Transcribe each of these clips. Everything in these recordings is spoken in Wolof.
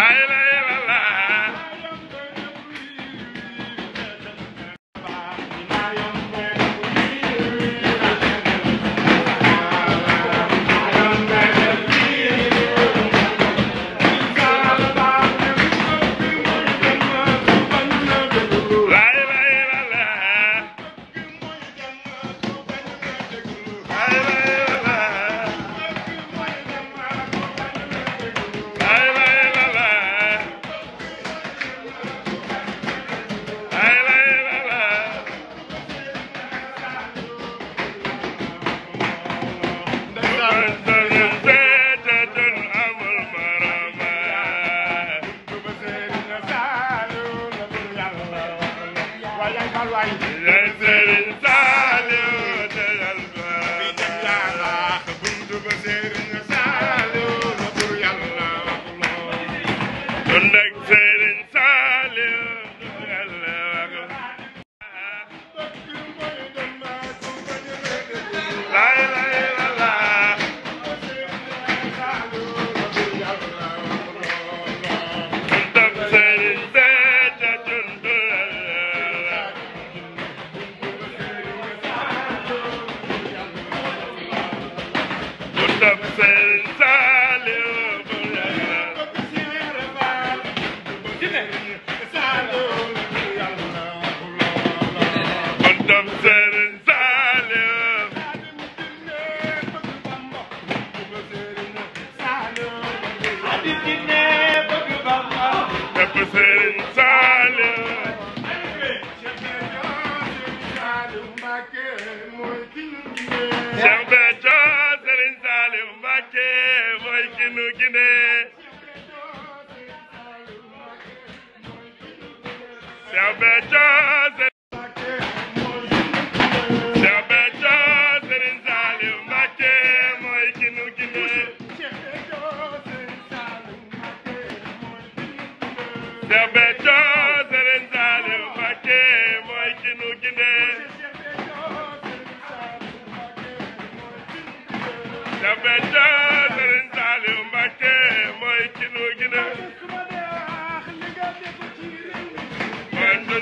la Ball waay Kébé Cheikh Béthio Cheikh Béthio Serigne Saliou Mbacké mooy kinu Kébé Cheikh Béthio Serigne Saliou Mbacké mooy kinu Kébé Cheikh Béthio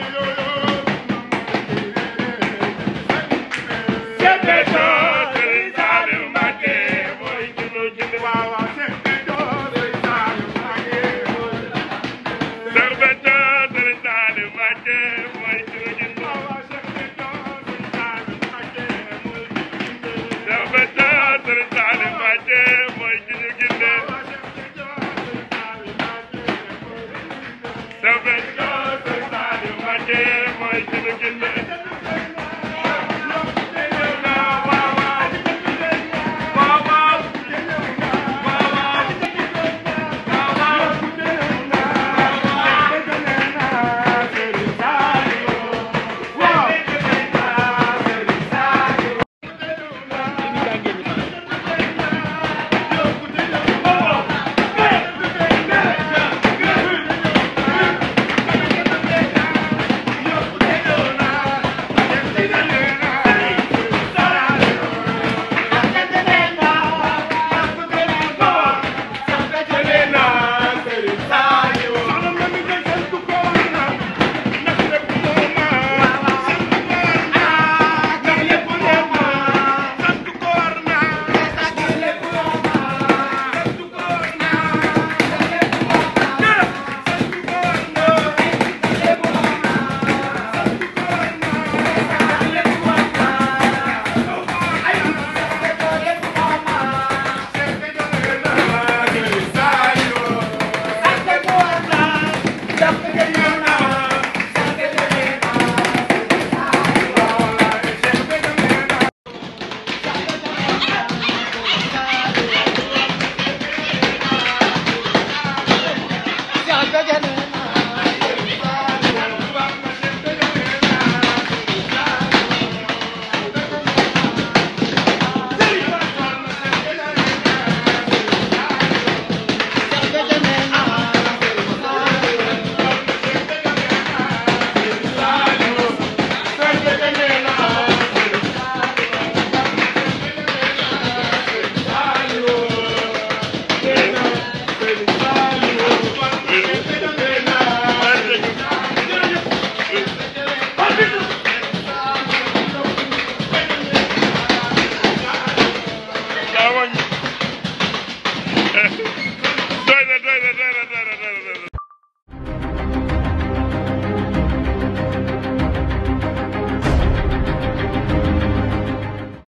que yo lo